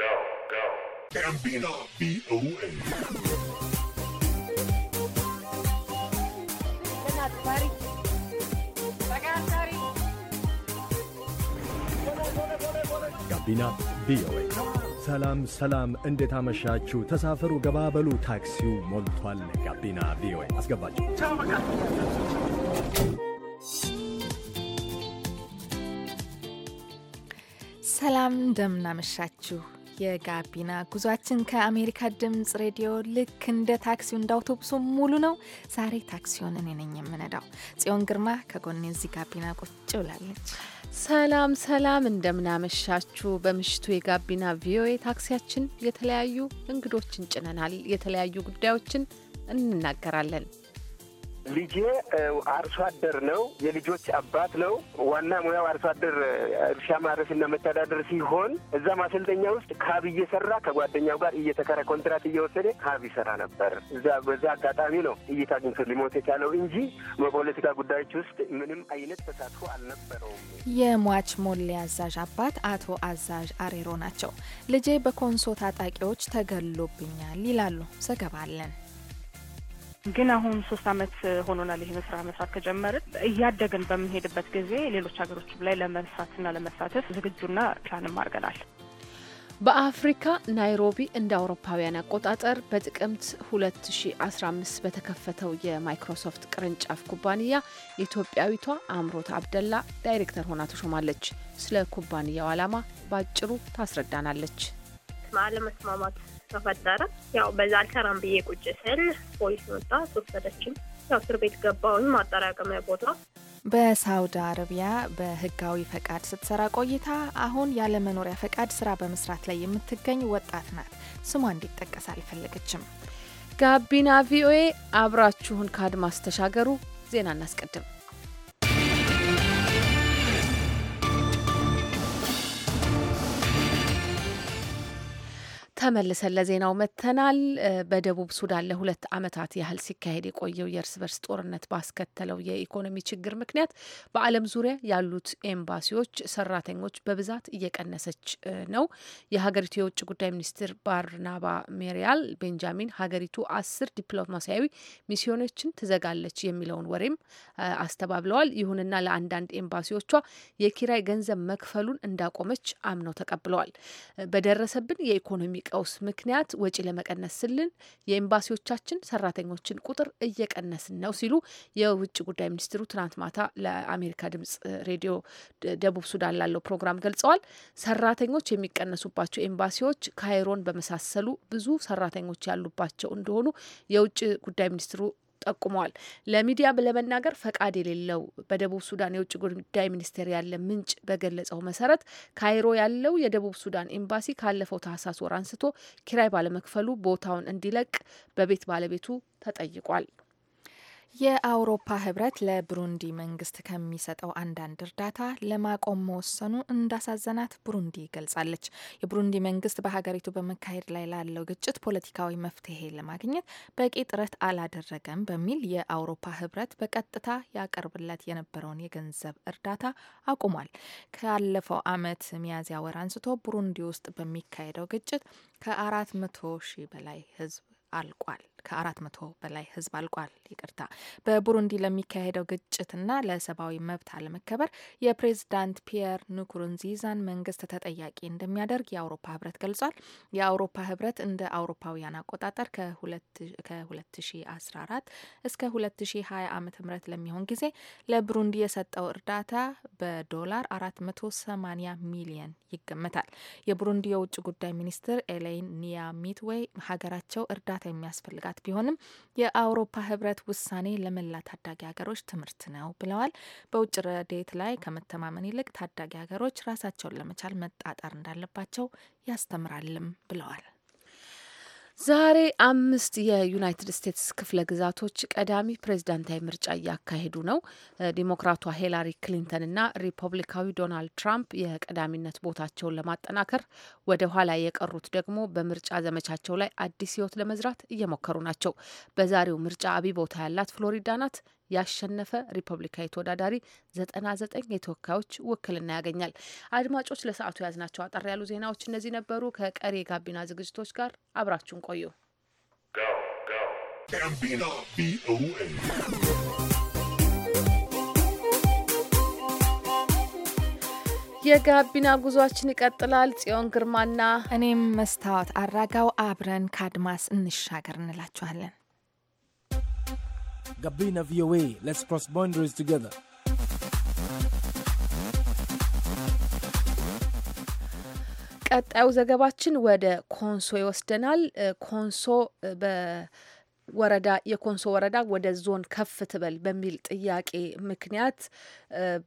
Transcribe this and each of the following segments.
ጋቢና ቪኦኤ ጋቢና ቪኦኤ። ሰላም ሰላም፣ እንዴት አመሻችሁ? ተሳፈሩ፣ ገባበሉ፣ ታክሲው ሞልቷል። ጋቢና ቪኦኤ አስገባችሁ። ሰላም እንደምናመሻችሁ የጋቢና ጉዟችን ከአሜሪካ ድምፅ ሬዲዮ ልክ እንደ ታክሲው እንደ አውቶቡሱ ሙሉ ነው። ዛሬ ታክሲውን እኔ ነኝ የምነዳው። ጽዮን ግርማ ከጎኔ እዚህ ጋቢና ቁጭ ብላለች። ሰላም ሰላም፣ እንደምናመሻችሁ። በምሽቱ የጋቢና ቪኦኤ ታክሲያችን የተለያዩ እንግዶችን ጭነናል። የተለያዩ ጉዳዮችን እንናገራለን። ልጄ አርሶ አደር ነው፣ የልጆች አባት ነው። ዋና ሙያው አርሶ አደር እርሻ ማረስና መተዳደር ሲሆን እዛ ማሰልጠኛ ውስጥ ካብ እየሰራ ከጓደኛው ጋር እየተከረ ኮንትራት እየወሰደ ካብ ይሰራ ነበር። እዛ በዛ አጋጣሚ ነው እይታ አግኝቶ ሊሞት የቻለው እንጂ በፖለቲካ ጉዳዮች ውስጥ ምንም አይነት ተሳትፎ አልነበረውም። የሟች ሞሌ አዛዥ አባት አቶ አዛዥ አሬሮ ናቸው። ልጄ በኮንሶ ታጣቂዎች ተገሎብኛል ይላሉ። ዘገባ አለን። ግን አሁን ሶስት አመት ሆኖናል ይህን ስራ መስራት ከጀመርን። እያደግን በምንሄድበት ጊዜ ሌሎች ሀገሮችም ላይ ለመስራትና ለመሳተፍ ዝግጁና ፕላንም አድርገናል። በአፍሪካ ናይሮቢ እንደ አውሮፓውያን አቆጣጠር በጥቅምት 2015 በተከፈተው የማይክሮሶፍት ቅርንጫፍ ኩባንያ ኢትዮጵያዊቷ አምሮት አብደላ ዳይሬክተር ሆና ተሾማለች። ስለ ኩባንያው ዓላማ በአጭሩ ታስረዳናለች። አለመስማማት ተፈጠረ። ያው በዛ አልሰራም ብዬ ቁጭ ስል ፖሊስ መጣ፣ አስወሰደችም። ያው እስር ቤት ገባሁኝ ማጠራቀሚያ ቦታ። በሳውዲ አረቢያ በህጋዊ ፈቃድ ስትሰራ ቆይታ አሁን ያለመኖሪያ ፈቃድ ስራ በመስራት ላይ የምትገኝ ወጣት ናት። ስሟ እንዲጠቀስ አልፈለገችም። ጋቢና ቪኦኤ አብራችሁን ከአድማስ ተሻገሩ። ዜና እናስቀድም። ተመልሰን ለዜናው መጥተናል። በደቡብ ሱዳን ለሁለት ዓመታት ያህል ሲካሄድ የቆየው የእርስ በርስ ጦርነት ባስከተለው የኢኮኖሚ ችግር ምክንያት በዓለም ዙሪያ ያሉት ኤምባሲዎች ሰራተኞች በብዛት እየቀነሰች ነው። የሀገሪቱ የውጭ ጉዳይ ሚኒስትር ባርናባ ሜሪያል ቤንጃሚን ሀገሪቱ አስር ዲፕሎማሲያዊ ሚስዮኖችን ትዘጋለች የሚለውን ወሬም አስተባብለዋል። ይሁንና ለአንዳንድ ኤምባሲዎቿ የኪራይ ገንዘብ መክፈሉን እንዳቆመች አምነው ተቀብለዋል። በደረሰብን የኢኮኖሚ ቀ ቀውስ ምክንያት ወጪ ለመቀነስ ስልን የኤምባሲዎቻችን ሰራተኞችን ቁጥር እየቀነስን ነው ሲሉ የውጭ ጉዳይ ሚኒስትሩ ትናንት ማታ ለአሜሪካ ድምጽ ሬዲዮ ደቡብ ሱዳን ላለው ፕሮግራም ገልጸዋል። ሰራተኞች የሚቀነሱባቸው ኤምባሲዎች ካይሮን በመሳሰሉ ብዙ ሰራተኞች ያሉባቸው እንደሆኑ የውጭ ጉዳይ ሚኒስትሩ ጠቁመዋል። ለሚዲያ ለመናገር ፈቃድ የሌለው በደቡብ ሱዳን የውጭ ጉዳይ ሚኒስቴር ያለ ምንጭ በገለጸው መሰረት ካይሮ ያለው የደቡብ ሱዳን ኤምባሲ ካለፈው ታህሳስ ወር አንስቶ ኪራይ ባለመክፈሉ ቦታውን እንዲለቅ በቤት ባለቤቱ ተጠይቋል። የአውሮፓ ህብረት ለብሩንዲ መንግስት ከሚሰጠው አንዳንድ እርዳታ ለማቆም መወሰኑ እንዳሳዘናት ብሩንዲ ገልጻለች። የብሩንዲ መንግስት በሀገሪቱ በመካሄድ ላይ ላለው ግጭት ፖለቲካዊ መፍትሄ ለማግኘት በቂ ጥረት አላደረገም በሚል የአውሮፓ ህብረት በቀጥታ ያቀርብለት የነበረውን የገንዘብ እርዳታ አቁሟል። ካለፈው አመት ሚያዝያ ወር አንስቶ ብሩንዲ ውስጥ በሚካሄደው ግጭት ከአራት መቶ ሺህ በላይ ህዝብ አልቋል። ከአራት መቶ በላይ ህዝብ አልቋል። ይቅርታ። በቡሩንዲ ለሚካሄደው ግጭትና ለሰብአዊ መብት አለመከበር የፕሬዝዳንት ፒየር ንኩሩንዚዛን መንግስት ተጠያቂ እንደሚያደርግ የአውሮፓ ህብረት ገልጿል። የአውሮፓ ህብረት እንደ አውሮፓውያን አቆጣጠር ከ2014 እስከ 2020 ዓ ም ለሚሆን ጊዜ ለቡሩንዲ የሰጠው እርዳታ በዶላር 480 ሚሊየን ይገመታል። የቡሩንዲ የውጭ ጉዳይ ሚኒስትር ኤሌን ኒያሚትዌይ ሀገራቸው እርዳታ የሚያስፈልጋል መዘጋት ቢሆንም የአውሮፓ ህብረት ውሳኔ ለመላ ታዳጊ ሀገሮች ትምህርት ነው ብለዋል። በውጭ ረዴት ላይ ከመተማመን ይልቅ ታዳጊ ሀገሮች ራሳቸውን ለመቻል መጣጣር እንዳለባቸው ያስተምራልም ብለዋል። ዛሬ አምስት የዩናይትድ ስቴትስ ክፍለ ግዛቶች ቀዳሚ ፕሬዝዳንታዊ ምርጫ እያካሄዱ ነው። ዲሞክራቷ ሂላሪ ክሊንተን እና ሪፐብሊካዊ ዶናልድ ትራምፕ የቀዳሚነት ቦታቸውን ለማጠናከር ወደ ኋላ የቀሩት ደግሞ በምርጫ ዘመቻቸው ላይ አዲስ ሕይወት ለመዝራት እየሞከሩ ናቸው። በዛሬው ምርጫ አብይ ቦታ ያላት ፍሎሪዳ ናት። ያሸነፈ ሪፐብሊካዊ ተወዳዳሪ ዘጠና ዘጠኝ የተወካዮች ውክልና ያገኛል። አድማጮች ለሰዓቱ የያዝናቸው አጠር ያሉ ዜናዎች እነዚህ ነበሩ። ከቀሪ የጋቢና ዝግጅቶች ጋር አብራችሁን ቆዩ። የጋቢና ጉዟችን ይቀጥላል። ጽዮን ግርማና እኔም መስታወት አራጋው አብረን ከአድማስ እንሻገር እንላችኋለን። Gabina VOA. Let's cross boundaries together. ቀጣዩ ዘገባችን ወደ ኮንሶ ይወስደናል። ኮንሶ በ ወረዳ የኮንሶ ወረዳ ወደ ዞን ከፍ ትበል በሚል ጥያቄ ምክንያት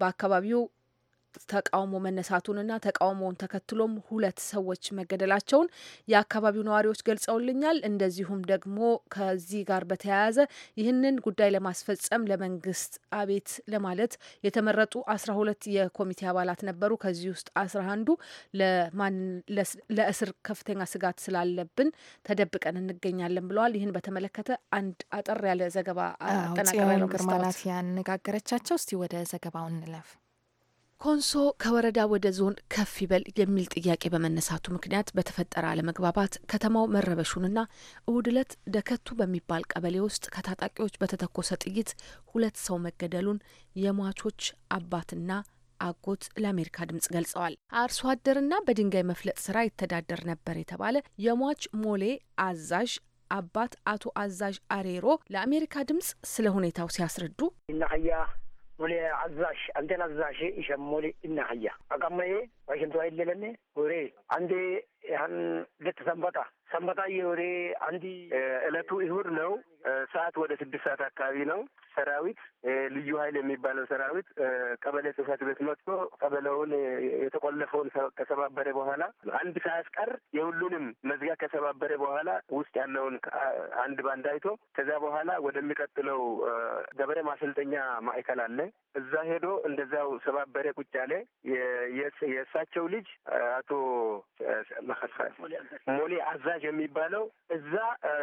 በአካባቢው ተቃውሞ መነሳቱንና ተቃውሞውን ተከትሎም ሁለት ሰዎች መገደላቸውን የአካባቢው ነዋሪዎች ገልጸውልኛል። እንደዚሁም ደግሞ ከዚህ ጋር በተያያዘ ይህንን ጉዳይ ለማስፈጸም ለመንግስት አቤት ለማለት የተመረጡ አስራ ሁለት የኮሚቴ አባላት ነበሩ። ከዚህ ውስጥ አስራ አንዱ ለእስር ከፍተኛ ስጋት ስላለብን ተደብቀን እንገኛለን ብለዋል። ይህን በተመለከተ አንድ አጠር ያለ ዘገባ አጠናቅረን ግርማናት ያነጋገረቻቸው። እስቲ ወደ ዘገባው እንለፍ። ኮንሶ ከወረዳ ወደ ዞን ከፍ ይበል የሚል ጥያቄ በመነሳቱ ምክንያት በተፈጠረ አለመግባባት ከተማው መረበሹንና እሁድ ዕለት ደከቱ በሚባል ቀበሌ ውስጥ ከታጣቂዎች በተተኮሰ ጥይት ሁለት ሰው መገደሉን የሟቾች አባትና አጎት ለአሜሪካ ድምጽ ገልጸዋል። አርሶ አደርና በድንጋይ መፍለጥ ስራ ይተዳደር ነበር የተባለ የሟች ሞሌ አዛዥ አባት አቶ አዛዥ አሬሮ ለአሜሪካ ድምጽ ስለ ሁኔታው ሲያስረዱ እነኸያ ሙሊ አዛሽ አንቴን አዛሽ ይሸም ሸሞል እናህያ አቀመዬ ዋሽምቱ አይለለሜ ወሬ አንዴ ያን ልት ሰንበታ ሰንበታ የወሬ አንዲ እለቱ ይሁድ ነው ሰዓት ወደ ስድስት ሰዓት አካባቢ ነው ሰራዊት ልዩ ኃይል የሚባለው ሰራዊት ቀበሌ ጽህፈት ቤት መጥቶ ቀበሌውን የተቆለፈውን ከሰባበረ በኋላ አንድ ሳያስቀር የሁሉንም መዝጊያ ከሰባበረ በኋላ ውስጥ ያለውን አንድ ባንድ አይቶ ከዚያ በኋላ ወደሚቀጥለው ገበሬ ማሰልጠኛ ማዕከል አለ እዛ ሄዶ እንደዚያው ሰባበረ ቁጭ አለ። የእሳቸው ልጅ አቶ ሞሌ አዛዥ የሚባለው እዛ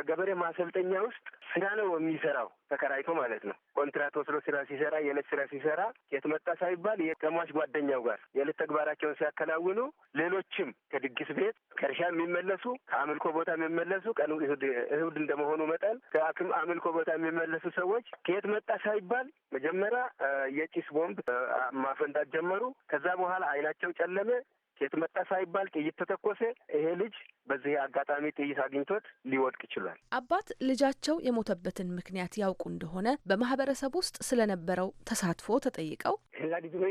ገበሬ ማሰልጠኛ ውስጥ ስራ ነው የሚሰራው ተከራይቶ ማለት ነው። ኮንትራት ወስዶ ስራ ሲሰራ የዕለት ስራ ሲሰራ የት መጣ ሳይባል የተሟች ጓደኛው ጋር የዕለት ተግባራቸውን ሲያከናውኑ፣ ሌሎችም ከድግስ ቤት ከእርሻ የሚመለሱ ከአምልኮ ቦታ የሚመለሱ ቀኑ እሁድ እንደመሆኑ መጠን ከአክም አምልኮ ቦታ የሚመለሱ ሰዎች ከየት መጣ ሳይባል መጀመሪያ የጭስ ቦምብ ማፈንዳት ጀመሩ። ከዛ በኋላ አይናቸው ጨለመ። ሴት መጣ ሳይባል ጥይት ተተኮሰ። ይሄ ልጅ በዚህ አጋጣሚ ጥይት አግኝቶት ሊወድቅ ይችሏል። አባት ልጃቸው የሞተበትን ምክንያት ያውቁ እንደሆነ በማህበረሰብ ውስጥ ስለነበረው ተሳትፎ ተጠይቀው ህላዲ ድሮ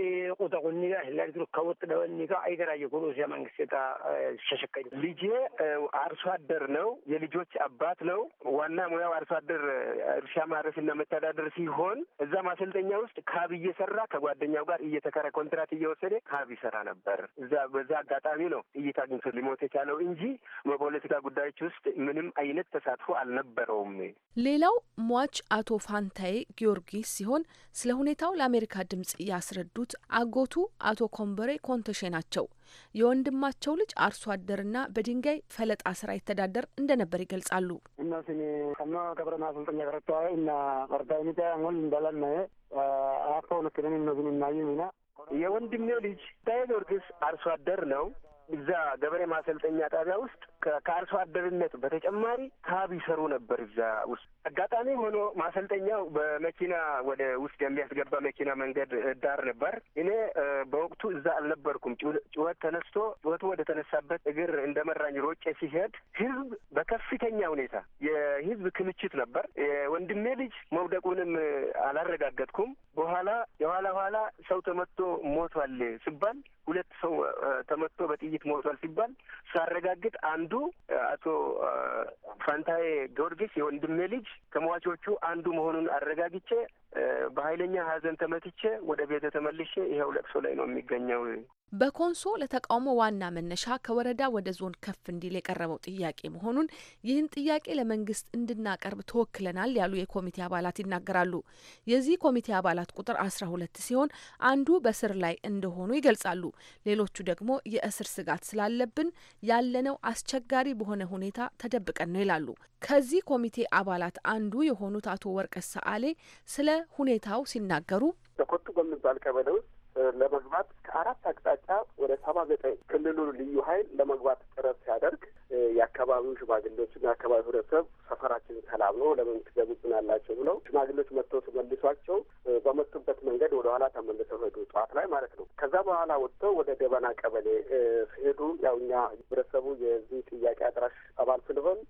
ቁጠቁኒጋ ህላዲ ድሮ ከወጥ ደወኒጋ አይገራየ ኩኑ ሲያ መንግስት ሸሸቀኝ ልጄ አርሶ አደር ነው። የልጆች አባት ነው። ዋና ሙያው አርሶ አደር እርሻ ማረስና መተዳደር ሲሆን እዛ ማሰልጠኛ ውስጥ ካብ እየሰራ ከጓደኛው ጋር እየተከረ ኮንትራት እየወሰደ ካብ ይሰራ ነበር። እዛ በዛ አጋጣሚ ነው ጥይት አግኝቶ ሊሞት የቻለው እንጂ በፖለቲካ ጉዳዮች ውስጥ ምንም አይነት ተሳትፎ አልነበረውም። ሌላው ሟች አቶ ፋንታዬ ጊዮርጊስ ሲሆን ስለ ሁኔታው ለአሜሪካ ድምጽ ያ ያስረዱት አጎቱ አቶ ኮምበሬ ኮንተሼ ናቸው። የወንድማቸው ልጅ አርሶ አደርና በድንጋይ ፈለጣ ስራ ይተዳደር እንደነበር ይገልጻሉ። የወንድሜው ልጅ ታዬ ጊዮርጊስ አርሶ አደር ነው። እዛ ገበሬ ማሰልጠኛ ጣቢያ ውስጥ ከአርሶ አደርነት በተጨማሪ ካብ ይሰሩ ነበር እዛ ውስጥ አጋጣሚ ሆኖ ማሰልጠኛው በመኪና ወደ ውስጥ የሚያስገባ መኪና መንገድ ዳር ነበር። እኔ በወቅቱ እዛ አልነበርኩም። ጩኸት ተነስቶ ጩኸቱ ወደ ተነሳበት እግር እንደ መራኝ ሮጬ ሲሄድ ህዝብ በከፍተኛ ሁኔታ የህዝብ ክምችት ነበር። የወንድሜ ልጅ መውደቁንም አላረጋገጥኩም። በኋላ የኋላ ኋላ ሰው ተመቶ ሞቷል ሲባል ሁለት ሰው ተመቶ በጥይት ሞቷል ሲባል ሳረጋግጥ አንዱ አቶ ፋንታዬ ጊዮርጊስ የወንድሜ ልጅ ከሟቾቹ አንዱ መሆኑን አረጋግቼ በኃይለኛ ሐዘን ተመትቼ ወደ ቤተ ተመልሼ ይኸው ለቅሶ ላይ ነው የሚገኘው። በኮንሶ ለተቃውሞ ዋና መነሻ ከወረዳ ወደ ዞን ከፍ እንዲል የቀረበው ጥያቄ መሆኑን ይህን ጥያቄ ለመንግስት እንድናቀርብ ተወክለናል ያሉ የኮሚቴ አባላት ይናገራሉ። የዚህ ኮሚቴ አባላት ቁጥር አስራ ሁለት ሲሆን አንዱ በስር ላይ እንደሆኑ ይገልጻሉ። ሌሎቹ ደግሞ የእስር ስጋት ስላለብን ያለነው አስቸጋሪ በሆነ ሁኔታ ተደብቀን ነው ይላሉ። ከዚህ ኮሚቴ አባላት አንዱ የሆኑት አቶ ወርቀሰ ሰአሌ ስለ ሁኔታው ሲናገሩ በኮቱ በሚባል ቀበሌ ውስጥ ለመግባት ከአራት አቅጣጫ ወደ ሰባ ዘጠኝ ክልሉ ልዩ ኃይል ለመግባት ጥረት ሲያደርግ የአካባቢው ሽማግሌዎች ሽማግሌዎችና አካባቢ ህብረተሰብ ሰፈራችን ሰላም ነው ለምን ትገቡብናላቸው ብለው ሽማግሌዎች መጥተው ሲመልሷቸው በመጡበት መንገድ ወደ ኋላ ተመልሰው ሄዱ። ጠዋት ላይ ማለት ነው። ከዛ በኋላ ወጥተው ወደ ደበና ቀበሌ ሲሄዱ ያው እኛ ህብረተሰቡ የዚህ ጥያቄ አድራሽ አባል ስለሆን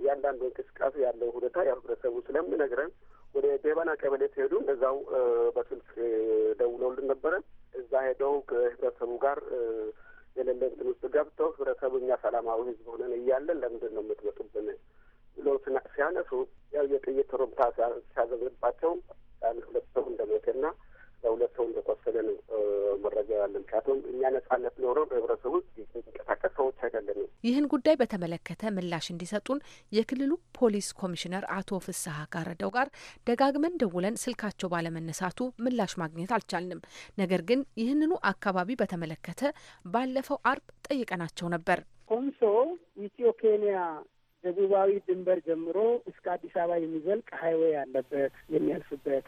እያንዳንዱ እንቅስቃሴ ያለው ሁኔታ ያው ህብረተሰቡ ስለሚነግረን ወደ ዴባና ቀበሌ ሲሄዱ እዛው በስልክ ደውለውልን ነበረ። እዛ ሄደው ከህብረተሰቡ ጋር የሌለ እንትን ውስጥ ገብተው ህብረተሰቡ እኛ ሰላማዊ ህዝብ ሆነን እያለን ለምንድን ነው የምትመጡብን ብሎ ሲያነሱ ያው የጥይት ሩምታ ሲያዘዝባቸው አንድ ሁለት ሰው ለሁለት ሰው እንደቆሰለ ነው መረጃ ያለን። ምክንያቱም እኛ ነጻነት ኖሮ በህብረተሰቡ ውስጥ የሚንቀሳቀስ ሰዎች አይደለንም። ይህን ጉዳይ በተመለከተ ምላሽ እንዲሰጡን የክልሉ ፖሊስ ኮሚሽነር አቶ ፍስሀ ጋረደው ጋር ደጋግመን ደውለን ስልካቸው ባለመነሳቱ ምላሽ ማግኘት አልቻልንም። ነገር ግን ይህንኑ አካባቢ በተመለከተ ባለፈው አርብ ጠይቀናቸው ነበር። ኮንሶ ኢትዮ ኬንያ ደቡባዊ ድንበር ጀምሮ እስከ አዲስ አበባ የሚዘልቅ ሀይዌይ ያለበት የሚያልፍበት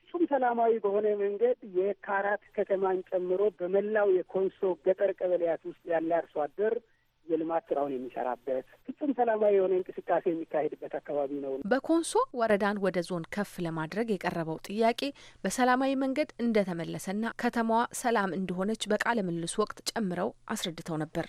ፍጹም ሰላማዊ በሆነ መንገድ የካራት ከተማን ጨምሮ በመላው የኮንሶ ገጠር ቀበሌያት ውስጥ ያለ አርሶ አደር የልማት ስራውን የሚሰራበት ፍጹም ሰላማዊ የሆነ እንቅስቃሴ የሚካሄድበት አካባቢ ነው። በኮንሶ ወረዳን ወደ ዞን ከፍ ለማድረግ የቀረበው ጥያቄ በሰላማዊ መንገድ እንደተመለሰና ከተማዋ ሰላም እንደሆነች በቃለ ምልልስ ወቅት ጨምረው አስረድተው ነበር።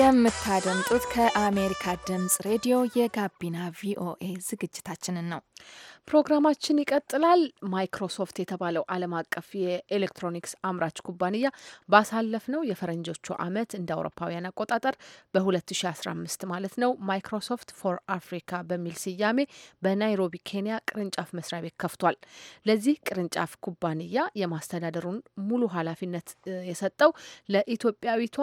የምታደምጡት ከአሜሪካ ድምጽ ሬዲዮ የጋቢና ቪኦኤ ዝግጅታችንን ነው። ፕሮግራማችን ይቀጥላል። ማይክሮሶፍት የተባለው ዓለም አቀፍ የኤሌክትሮኒክስ አምራች ኩባንያ ባሳለፍነው የፈረንጆቹ ዓመት እንደ አውሮፓውያን አቆጣጠር በ2015 ማለት ነው ማይክሮሶፍት ፎር አፍሪካ በሚል ስያሜ በናይሮቢ ኬንያ ቅርንጫፍ መስሪያ ቤት ከፍቷል። ለዚህ ቅርንጫፍ ኩባንያ የማስተዳደሩን ሙሉ ኃላፊነት የሰጠው ለኢትዮጵያዊቷ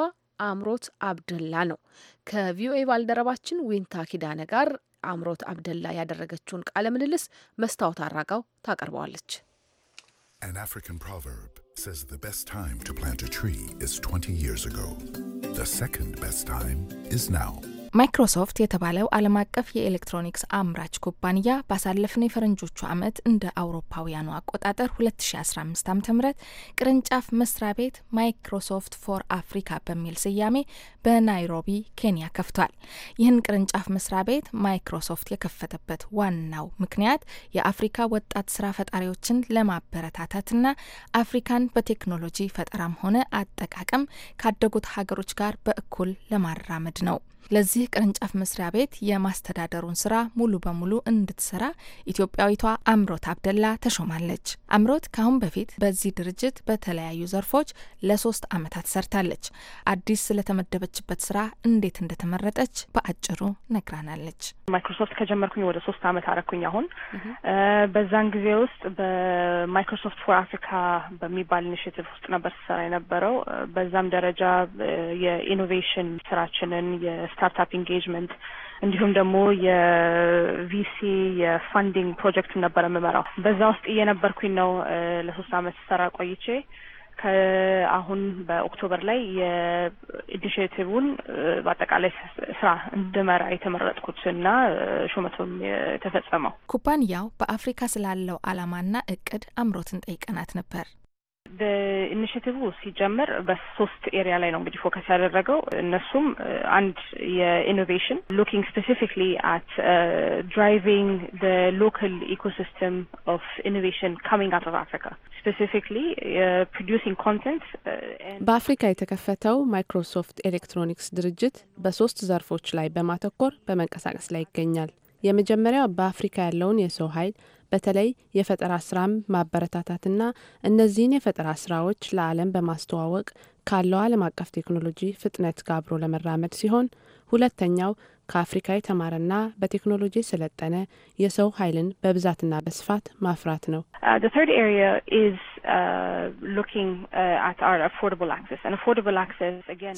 አምሮት አብደላ ነው። ከቪኦኤ ባልደረባችን ዊንታ ኪዳነ ጋር አምሮት አብደላ ያደረገችውን ቃለ ምልልስ መስታወት አራጋው ታቀርበዋለች። An African proverb says the best time to plant a tree is 20 years ago. The second best time is now. ማይክሮሶፍት የተባለው ዓለም አቀፍ የኤሌክትሮኒክስ አምራች ኩባንያ ባሳለፍነው የፈረንጆቹ ዓመት እንደ አውሮፓውያኑ አቆጣጠር 2015 ዓ.ም ቅርንጫፍ መስሪያ ቤት ማይክሮሶፍት ፎር አፍሪካ በሚል ስያሜ በናይሮቢ ኬንያ ከፍቷል። ይህን ቅርንጫፍ መስሪያ ቤት ማይክሮሶፍት የከፈተበት ዋናው ምክንያት የአፍሪካ ወጣት ስራ ፈጣሪዎችን ለማበረታታትና አፍሪካን በቴክኖሎጂ ፈጠራም ሆነ አጠቃቀም ካደጉት ሀገሮች ጋር በእኩል ለማራመድ ነው። ለዚህ ቅርንጫፍ መስሪያ ቤት የማስተዳደሩን ስራ ሙሉ በሙሉ እንድትሰራ ኢትዮጵያዊቷ አምሮት አብደላ ተሾማለች። አምሮት ከአሁን በፊት በዚህ ድርጅት በተለያዩ ዘርፎች ለሶስት አመታት ሰርታለች። አዲስ ስለተመደበችበት ስራ እንዴት እንደተመረጠች በአጭሩ ነግራናለች። ማይክሮሶፍት ከጀመርኩኝ ወደ ሶስት አመት አረኩኝ። አሁን በዛን ጊዜ ውስጥ በማይክሮሶፍት ፎር አፍሪካ በሚባል ኢኒሽቲቭ ውስጥ ነበር ስሰራ የነበረው። በዛም ደረጃ የኢኖቬሽን ስራችንን የስታርታፕ ኢንጌጅመንት እንዲሁም ደግሞ የቪሲ የፋንዲንግ ፕሮጀክት ነበረ የምመራው። በዛ ውስጥ እየነበርኩኝ ነው ለሶስት አመት ስሰራ ቆይቼ ከአሁን በኦክቶበር ላይ የኢኒሽቲቭን በአጠቃላይ ስራ እንድመራ የተመረጥኩት እና ሹመቱም የተፈጸመው። ኩባንያው በአፍሪካ ስላለው አላማና እቅድ አምሮትን ጠይቀናት ነበር። በኢኒሽቲቭ ሲጀምር በሶስት ኤሪያ ላይ ነው እንግዲህ ፎከስ ያደረገው። እነሱም uh, አንድ የኢኖቬሽን ሉኪንግ ስፔሲፊክሊ አት ድራይቪንግ ሎካል ኢኮሲስተም ኦፍ ኢኖቬሽን ካሚንግ አውት ኦፍ አፍሪካ ስፔሲፊክሊ የፕሮዲሲንግ ኮንተንት በአፍሪካ የተከፈተው ማይክሮሶፍት ኤሌክትሮኒክስ ድርጅት በሶስት ዘርፎች ላይ በማተኮር በመንቀሳቀስ ላይ ይገኛል። የመጀመሪያው በአፍሪካ ያለውን የሰው ኃይል በተለይ የፈጠራ ስራም ማበረታታትና እነዚህን የፈጠራ ስራዎች ለዓለም በማስተዋወቅ ካለው ዓለም አቀፍ ቴክኖሎጂ ፍጥነት ጋብሮ ለመራመድ ሲሆን ሁለተኛው ከአፍሪካ የተማረና በቴክኖሎጂ የሰለጠነ የሰው ኃይልን በብዛትና በስፋት ማፍራት ነው። uh, uh, uh,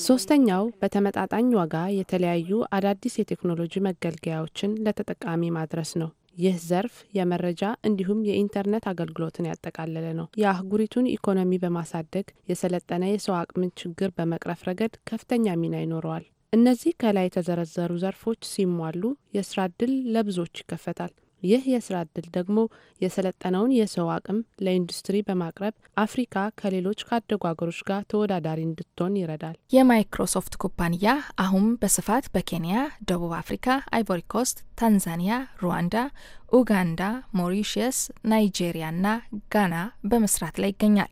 ሶስተኛው በተመጣጣኝ ዋጋ የተለያዩ አዳዲስ የቴክኖሎጂ መገልገያዎችን ለተጠቃሚ ማድረስ ነው። ይህ ዘርፍ የመረጃ እንዲሁም የኢንተርኔት አገልግሎትን ያጠቃለለ ነው። የአህጉሪቱን ኢኮኖሚ በማሳደግ የሰለጠነ የሰው አቅምን ችግር በመቅረፍ ረገድ ከፍተኛ ሚና ይኖረዋል። እነዚህ ከላይ የተዘረዘሩ ዘርፎች ሲሟሉ የስራ እድል ለብዙዎች ይከፈታል። ይህ የስራ እድል ደግሞ የሰለጠነውን የሰው አቅም ለኢንዱስትሪ በማቅረብ አፍሪካ ከሌሎች ካደጉ አገሮች ጋር ተወዳዳሪ እንድትሆን ይረዳል። የማይክሮሶፍት ኩባንያ አሁን በስፋት በኬንያ፣ ደቡብ አፍሪካ፣ አይቮሪ ኮስት፣ ታንዛኒያ፣ ሩዋንዳ፣ ኡጋንዳ፣ ሞሪሽስ ናይጄሪያ ና ጋና በመስራት ላይ ይገኛል።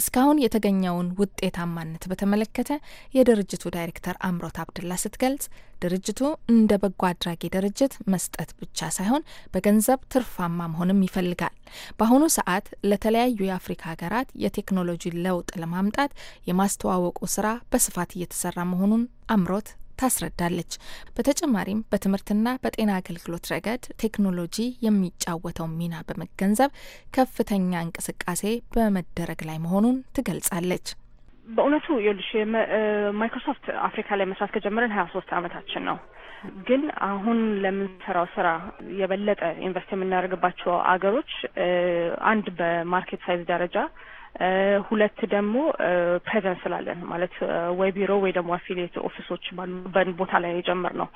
እስካሁን የተገኘውን ውጤታማነት በተመለከተ የድርጅቱ ዳይሬክተር አምሮት አብድላ ስትገልጽ ድርጅቱ እንደ በጎ አድራጊ ድርጅት መስጠት ብቻ ሳይሆን በገንዘብ ትርፋማ መሆንም ይፈልጋል። በአሁኑ ሰዓት ለተለያዩ የአፍሪካ ሀገራት የቴክኖሎጂ ለውጥ ለማምጣት የማስተዋወቁ ስራ በስፋት እየተሰራ መሆኑን አምሮት ታስረዳለች። በተጨማሪም በትምህርትና በጤና አገልግሎት ረገድ ቴክኖሎጂ የሚጫወተው ሚና በመገንዘብ ከፍተኛ እንቅስቃሴ በመደረግ ላይ መሆኑን ትገልጻለች። በእውነቱ ይኸውልሽ ማይክሮሶፍት አፍሪካ ላይ መስራት ከጀመረን ሀያ ሶስት አመታችን ነው። ግን አሁን ለምንሰራው ስራ የበለጠ ኢንቨስት የምናደርግባቸው አገሮች አንድ በማርኬት ሳይዝ ደረጃ ሁለት ደግሞ ፕሬዘንስ ስላለን ማለት ወይ ቢሮ ወይ ደግሞ አፊሊየት ኦፊሶች ባሉበት ቦታ ላይ የጀመር ነው።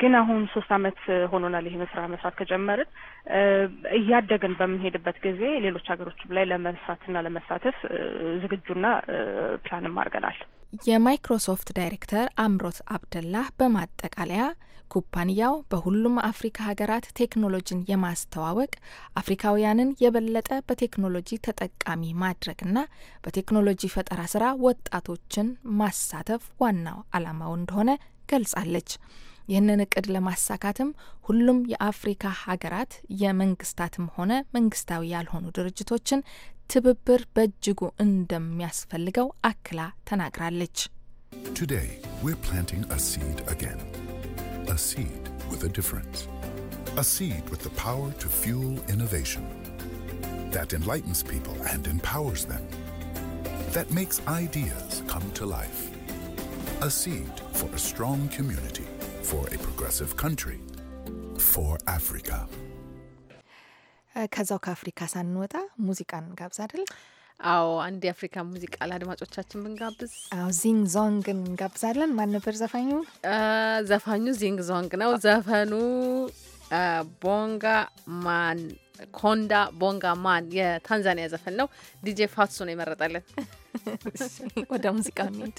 ግን አሁን ሶስት አመት ሆኖናል ይህን ስራ መስራት ከጀመርን። እያደግን በምንሄድበት ጊዜ ሌሎች ሀገሮችም ላይ ለመስራትና ለመሳተፍ ዝግጁና ፕላንም አድርገናል። የማይክሮሶፍት ዳይሬክተር አምሮት አብደላህ በማጠቃለያ ኩባንያው በሁሉም አፍሪካ ሀገራት ቴክኖሎጂን የማስተዋወቅ አፍሪካውያንን የበለጠ በቴክኖሎጂ ተጠቃሚ ማድረግና በቴክኖሎጂ ፈጠራ ስራ ወጣቶችን ማሳተፍ ዋናው ዓላማው እንደሆነ ገልጻለች። ይህንን እቅድ ለማሳካትም ሁሉም የአፍሪካ ሀገራት የመንግስታትም ሆነ መንግስታዊ ያልሆኑ ድርጅቶችን ትብብር በእጅጉ እንደሚያስፈልገው አክላ ተናግራለች። Today, we're planting a seed again. A seed with a difference. A seed with the power to fuel innovation. That enlightens people and empowers them. That makes ideas come to life. A seed for a strong community, for a progressive country, for Africa. Uh, ከዛው ከአፍሪካ ሳንወጣ ሙዚቃን ጋብዛ አይደል? አዎ አንድ የአፍሪካ ሙዚቃ ለአድማጮቻችን ብንጋብዝ፣ አዎ ዚንግ ዞንግን እንጋብዛለን። ማን ነበር ዘፋኙ? ዘፋኙ ዚንግ ዞንግ ነው። ዘፈኑ ቦንጋ ማን ኮንዳ ቦንጋ ማን የታንዛኒያ ዘፈን ነው። ዲጄ ፋትሱ ነው የመረጠልን። ወደ ሙዚቃ ሚሄድ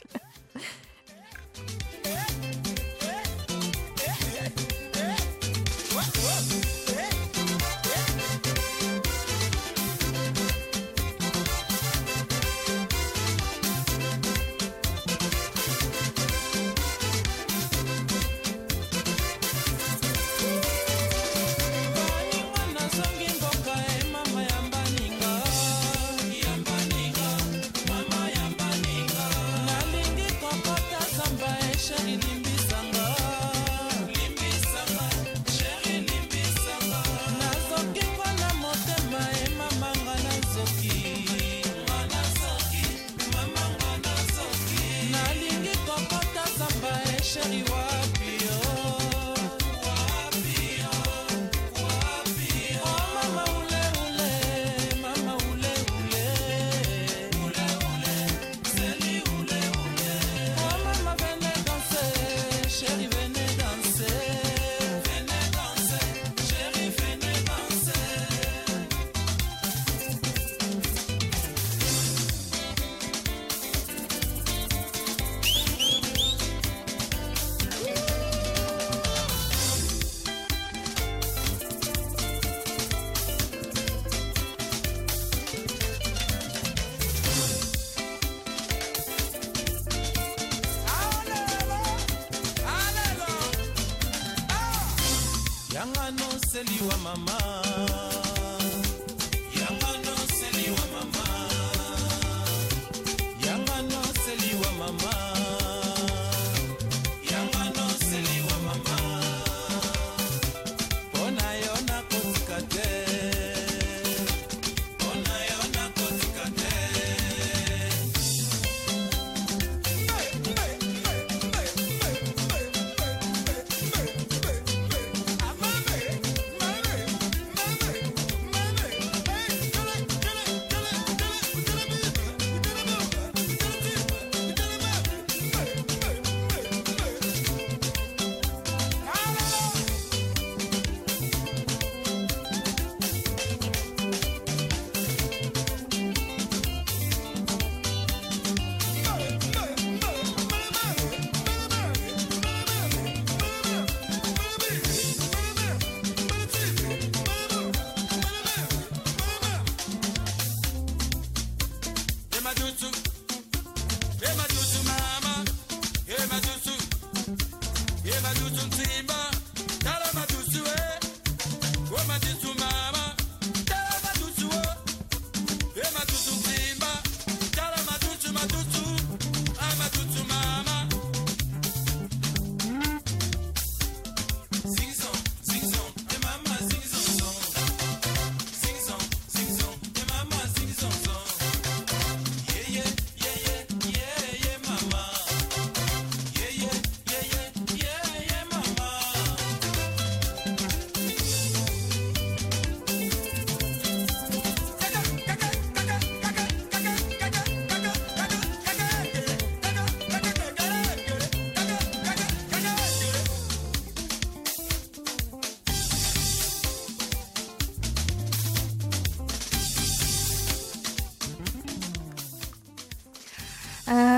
Shall you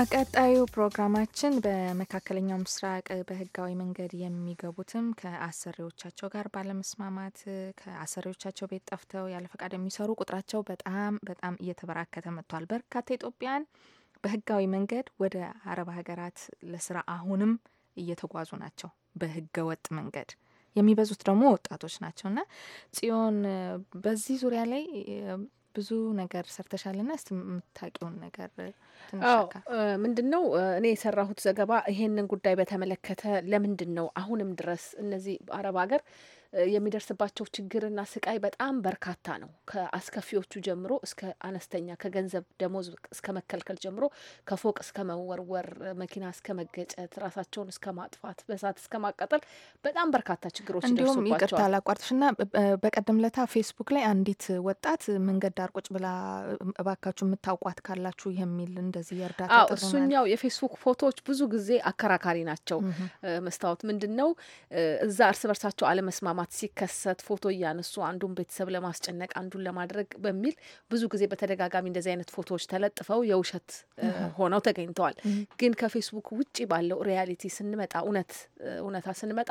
ቀጣዩ ፕሮግራማችን በመካከለኛው ምስራቅ በህጋዊ መንገድ የሚገቡትም ከአሰሪዎቻቸው ጋር ባለመስማማት ከአሰሪዎቻቸው ቤት ጠፍተው ያለ ፈቃድ የሚሰሩ ቁጥራቸው በጣም በጣም እየተበራከተ መጥቷል። በርካታ ኢትዮጵያን በህጋዊ መንገድ ወደ አረብ ሀገራት ለስራ አሁንም እየተጓዙ ናቸው። በህገ ወጥ መንገድ የሚበዙት ደግሞ ወጣቶች ናቸው እና ጽዮን በዚህ ዙሪያ ላይ ብዙ ነገር ና እስቲ የምታውቂውን ነገር ምንድን ነው? እኔ የሰራሁት ዘገባ ይሄንን ጉዳይ በተመለከተ ለምንድን ነው አሁንም ድረስ እነዚህ አረብ ሀገር የሚደርስባቸው ችግርና ስቃይ በጣም በርካታ ነው። ከአስከፊዎቹ ጀምሮ እስከ አነስተኛ ከገንዘብ ደሞዝ እስከ መከልከል ጀምሮ ከፎቅ እስከ መወርወር፣ መኪና እስከ መገጨት፣ ራሳቸውን እስከ ማጥፋት፣ በሳት እስከ ማቃጠል በጣም በርካታ ችግሮች እንዲሁም ይቅርታ ላቋርጥሽ ና በቀደም ለታ ፌስቡክ ላይ አንዲት ወጣት መንገድ ዳር ቁጭ ብላ እባካችሁ የምታውቋት ካላችሁ የሚል እንደዚህ የእርዳታ እሱኛው የፌስቡክ ፎቶዎች ብዙ ጊዜ አከራካሪ ናቸው። መስታወት ምንድን ነው እዛ እርስ በርሳቸው አለመስማማ መቀማማት ሲከሰት ፎቶ እያነሱ አንዱን ቤተሰብ ለማስጨነቅ አንዱን ለማድረግ በሚል ብዙ ጊዜ በተደጋጋሚ እንደዚህ አይነት ፎቶዎች ተለጥፈው የውሸት ሆነው ተገኝተዋል። ግን ከፌስቡክ ውጭ ባለው ሪያሊቲ ስንመጣ እውነት እውነታ ስንመጣ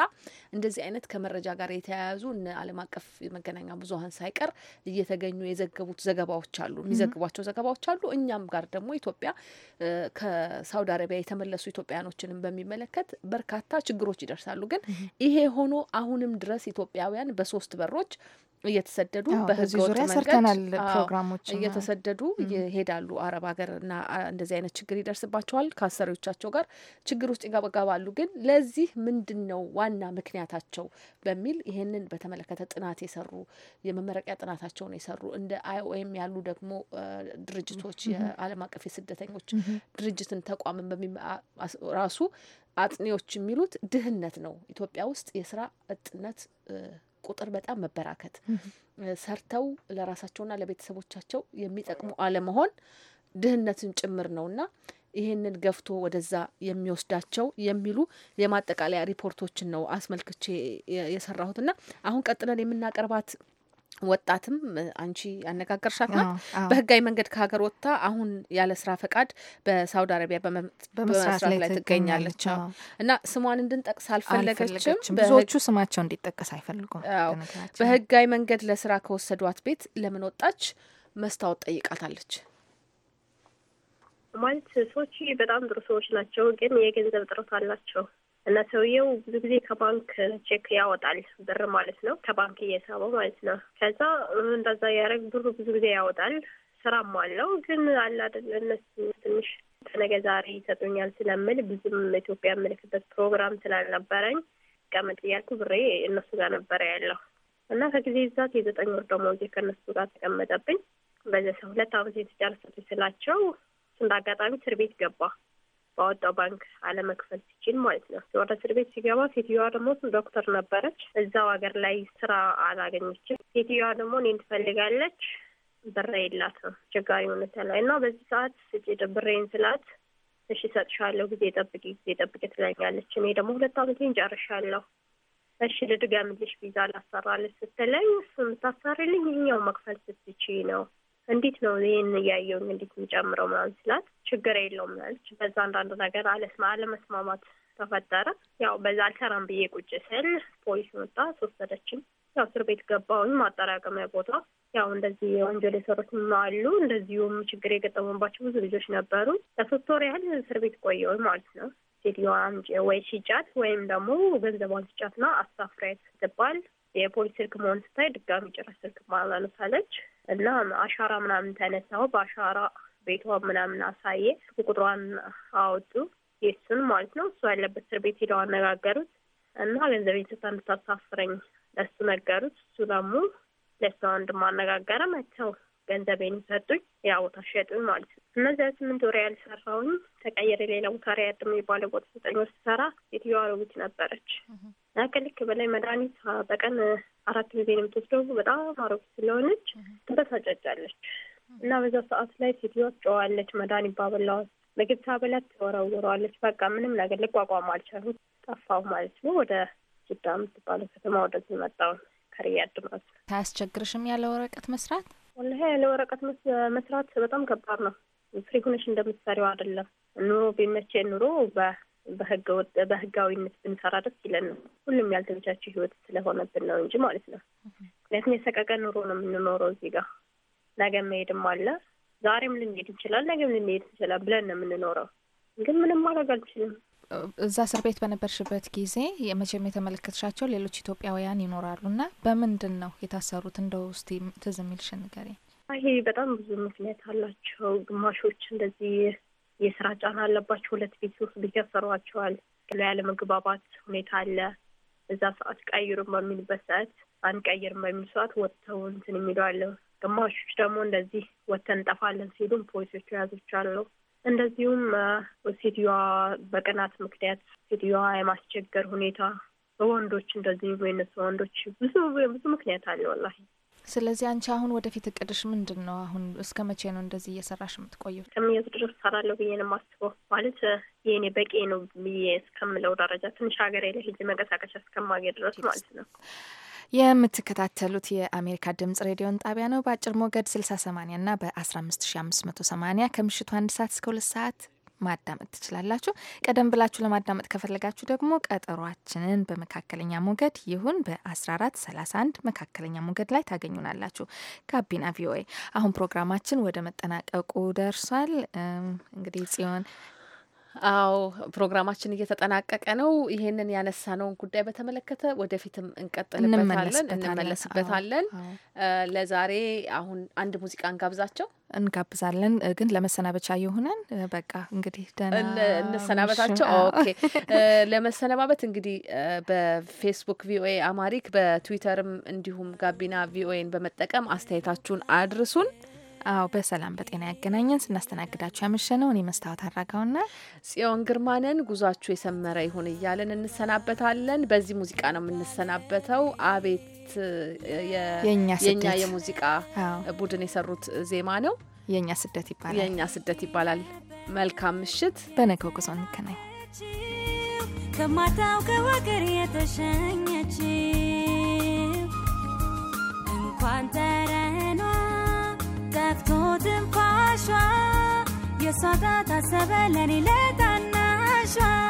እንደዚህ አይነት ከመረጃ ጋር የተያያዙ እነ ዓለም አቀፍ መገናኛ ብዙሀን ሳይቀር እየተገኙ የዘገቡት ዘገባዎች አሉ የሚዘግቧቸው ዘገባዎች አሉ። እኛም ጋር ደግሞ ኢትዮጵያ ከሳውዲ አረቢያ የተመለሱ ኢትዮጵያኖችንም በሚመለከት በርካታ ችግሮች ይደርሳሉ። ግን ይሄ ሆኖ አሁንም ድረስ ኢትዮጵያውያን በሶስት በሮች እየተሰደዱ በህገወጥ መንገድ ፕሮግራሞች እየተሰደዱ ይሄዳሉ። አረብ ሀገር እና እንደዚህ አይነት ችግር ይደርስባቸዋል። ከአሰሪዎቻቸው ጋር ችግር ውስጥ ይገባሉ። ግን ለዚህ ምንድን ነው ዋና ምክንያታቸው በሚል ይህንን በተመለከተ ጥናት የሰሩ የመመረቂያ ጥናታቸውን የሰሩ እንደ አይኦኤም ያሉ ደግሞ ድርጅቶች የዓለም አቀፍ የስደተኞች ድርጅትን ተቋምን ራሱ አጥኔዎች የሚሉት ድህነት ነው። ኢትዮጵያ ውስጥ የስራ እጥነት ቁጥር በጣም መበራከት፣ ሰርተው ለራሳቸውና ለቤተሰቦቻቸው የሚጠቅሙ አለመሆን ድህነትን ጭምር ነውና ይህንን ገፍቶ ወደዛ የሚወስዳቸው የሚሉ የማጠቃለያ ሪፖርቶችን ነው አስመልክቼ የሰራሁትና አሁን ቀጥለን የምናቀርባት ወጣትም አንቺ ያነጋገርሻት ናት። በህጋዊ መንገድ ከሀገር ወጥታ አሁን ያለ ስራ ፈቃድ በሳውዲ አረቢያ በመስራት ላይ ትገኛለች እና ስሟን እንድንጠቅስ አልፈለገችም። ብዙዎቹ ስማቸው እንዲጠቀስ አይፈልጉም። በህጋዊ መንገድ ለስራ ከወሰዷት ቤት ለምን ወጣች? መስታወት ጠይቃታለች። ማለት ሰዎች በጣም ጥሩ ሰዎች ናቸው፣ ግን የገንዘብ ጥረት አላቸው እና ሰውየው ብዙ ጊዜ ከባንክ ቼክ ያወጣል ብር ማለት ነው። ከባንክ እየሳበው ማለት ነው። ከዛ እንደዛ ያደረግ ብሩ ብዙ ጊዜ ያወጣል። ስራም አለው ግን አላደለ እነሱ ትንሽ ነገ ዛሬ ይሰጡኛል ስለምል ብዙም ኢትዮጵያ የምልክበት ፕሮግራም ስላልነበረኝ ቀመጥ እያልኩ ብሬ እነሱ ጋር ነበረ ያለው እና ከጊዜ ብዛት የዘጠኝ ወር ደሞዜ ከእነሱ ጋር ተቀመጠብኝ። በዚ ሰው ሁለት አመት የተጨረሰች ስላቸው እንዳጋጣሚ እስር ቤት ገባ። በወጣው ባንክ አለመክፈል ሲችል ማለት ነው። ወደ እስር ቤት ሲገባ ሴትዮዋ ደግሞ ዶክተር ነበረች። እዛው ሀገር ላይ ስራ አላገኘችም። ሴትዮዋ ደግሞ እኔን ትፈልጋለች። ብሬ ነው አስቸጋሪ የሆነት ላይ እና በዚህ ሰዓት ስጭ ብሬን ስላት እሺ እሰጥሻለሁ፣ ጊዜ ጠብቂ፣ ጊዜ ጠብቂ ትለኛለች። እኔ ደግሞ ሁለት አመቴን ጨርሻለሁ እሺ ልድገምልሽ ቪዛ ላሰራለች ስትለኝ እሱ የምታሰሪልኝ ይህኛው መክፈል ስትችይ ነው እንዴት ነው ይህን እያየው እንዴት የሚጨምረው ምናምን ስላት ችግር የለውም አለች። በዛ አንዳንድ ነገር አለስማ አለመስማማት ተፈጠረ። ያው በዛ አልሰራም ብዬ ቁጭ ስል ፖሊስ መጣ፣ አስወሰደችኝ። ያው እስር ቤት ገባሁኝ ማጠራቀሚያ ቦታ። ያው እንደዚህ የወንጀል የሰሩት አሉ፣ እንደዚሁም ችግር የገጠሙባቸው ብዙ ልጆች ነበሩ። ለሶስት ወር ያህል እስር ቤት ቆየሁኝ ማለት ነው። ሴትዮዋ ወይ ሲጫት ወይም ደግሞ ገንዘቧን ሽጫትና አሳፍሪያት ስትባል የፖሊስ ስልክ መሆን ስታይ ድጋሚ ጭራሽ ስልክ ማላነሳለች እና አሻራ ምናምን ተነሳው በአሻራ ቤቷ ምናምን አሳየ። ቁጥሯን አወጡ የሱን ማለት ነው። እሱ ያለበት እስር ቤት ሄደው አነጋገሩት እና ገንዘብ ስታ እንድታሳፍረኝ ለሱ ነገሩት። እሱ ደግሞ ለሱ አንድ ማነጋገረ መተው ገንዘቤን ሰጡኝ፣ ያ ቦታ ሸጡኝ ማለት ነው። እነዚያ ስምንት ወር ያልሰራውኝ ሰራሁኝ። ተቀየረ ሌላ ቦታ ሪያድ የሚባለ ቦታ ዘጠኝ ወር ስሰራ ሴትዮዋ አሮጊት ነበረች እና ከልክ በላይ መድኃኒት በቀን አራት ጊዜ ነው የምትወስደው። በጣም አሮጊት ስለሆነች ትበሳጨጫለች። እና በዛ ሰዓት ላይ ሴትዮዋ ትጮዋለች። መድኃኒት ባበላዋት ምግብ ታበላት ትወረውረዋለች። በቃ ምንም ነገር ልቋቋም አልቻሉ። ጠፋሁ ማለት ነው። ወደ ጅዳ የምትባለው ከተማ ወደዚህ መጣሁ ከሪያድ ማለት ነው። አያስቸግርሽም ያለ ወረቀት መስራት ወላሂ ያለ ወረቀት መስራት በጣም ከባድ ነው። ፍሪ እንደምትሰሪው አይደለም። ኑሮ ቢመቼ ኑሮ በህጋዊነት ብንሰራ ደስ ይለን ነው። ሁሉም ያልተመቻቸው ህይወት ስለሆነብን ነው እንጂ ማለት ነው። ምክንያቱም የሰቀቀ ኑሮ ነው የምንኖረው እዚህ ጋር። ነገ መሄድም አለ፣ ዛሬም ልንሄድ እንችላል፣ ነገም ልንሄድ እንችላል ብለን ነው የምንኖረው። ግን ምንም ማድረግ አልችልም። እዛ እስር ቤት በነበርሽበት ጊዜ መቼም የተመለከትሻቸው ሌሎች ኢትዮጵያውያን ይኖራሉ እና በምንድን ነው የታሰሩት? እንደው እስቲ ትዝ የሚልሽ ንገሪኝ። ይሄ በጣም ብዙ ምክንያት አላቸው። ግማሾች እንደዚህ የስራ ጫና አለባቸው። ሁለት ቤት ውስጥ ልጅ ያሰሯቸዋል። ያለመግባባት ሁኔታ አለ። እዛ ሰዓት ቀይሩን በሚልበት ሰዓት አንቀይርም በሚል ሰዓት ወጥተው እንትን የሚሉ አለ። ግማሾች ደግሞ እንደዚህ ወጥተን እንጠፋለን ሲሉም ፖሊሶቹ ያዞች አለው እንደዚሁም ሴትዮዋ በቅናት ምክንያት ሴትዮዋ የማስቸገር ሁኔታ በወንዶች እንደዚህ ወይነት ወንዶች ብዙ ብዙ ምክንያት አለ ወላሂ። ስለዚህ አንቺ አሁን ወደፊት እቅድሽ ምንድን ነው? አሁን እስከ መቼ ነው እንደዚህ እየሰራሽ የምትቆየው? እስከምየት ድረስ ሰራለሁ ብዬ ነው የማስበው። ማለት የኔ በቂ ነው ብዬ እስከምለው ደረጃ ትንሽ ሀገር ላይ ሄጄ መንቀሳቀሻ እስከማገኝ ድረስ ማለት ነው። የምትከታተሉት የአሜሪካ ድምጽ ሬዲዮን ጣቢያ ነው። በአጭር ሞገድ 68 እና በ15580 ከምሽቱ አንድ ሰዓት እስከ ሁለት ሰዓት ማዳመጥ ትችላላችሁ። ቀደም ብላችሁ ለማዳመጥ ከፈለጋችሁ ደግሞ ቀጠሯችንን በመካከለኛ ሞገድ ይሁን በ1431 መካከለኛ ሞገድ ላይ ታገኙናላችሁ። ጋቢና ቪኦኤ። አሁን ፕሮግራማችን ወደ መጠናቀቁ ደርሷል። እንግዲህ ጽዮን አዎ ፕሮግራማችን እየተጠናቀቀ ነው። ይሄንን ያነሳነውን ጉዳይ በተመለከተ ወደፊትም እንቀጥልበታለን፣ እንመለስበታለን። ለዛሬ አሁን አንድ ሙዚቃ እንጋብዛቸው እንጋብዛለን ግን ለመሰናበቻ የሆነን በቃ እንግዲህ እንሰናበታቸው። ኦኬ ለመሰነባበት እንግዲህ በፌስቡክ ቪኦኤ አማሪክ በትዊተርም እንዲሁም ጋቢና ቪኦኤን በመጠቀም አስተያየታችሁን አድርሱን። አዎ በሰላም በጤና ያገናኘን። ስናስተናግዳችሁ ያመሸነው እኔ መስታወት አድራጋውና ጽዮን ግርማንን ጉዟችሁ የሰመረ ይሁን እያለን እንሰናበታለን። በዚህ ሙዚቃ ነው የምንሰናበተው። አቤት የኛ የሙዚቃ ቡድን የሰሩት ዜማ ነው። የእኛ ስደት ይባላል። የእኛ ስደት ይባላል። መልካም ምሽት። በነገው ጉዞ እንገናኝ። ከማታው ከወገር የተሸኘች እንኳን يسعد تسبل ليلة النجوى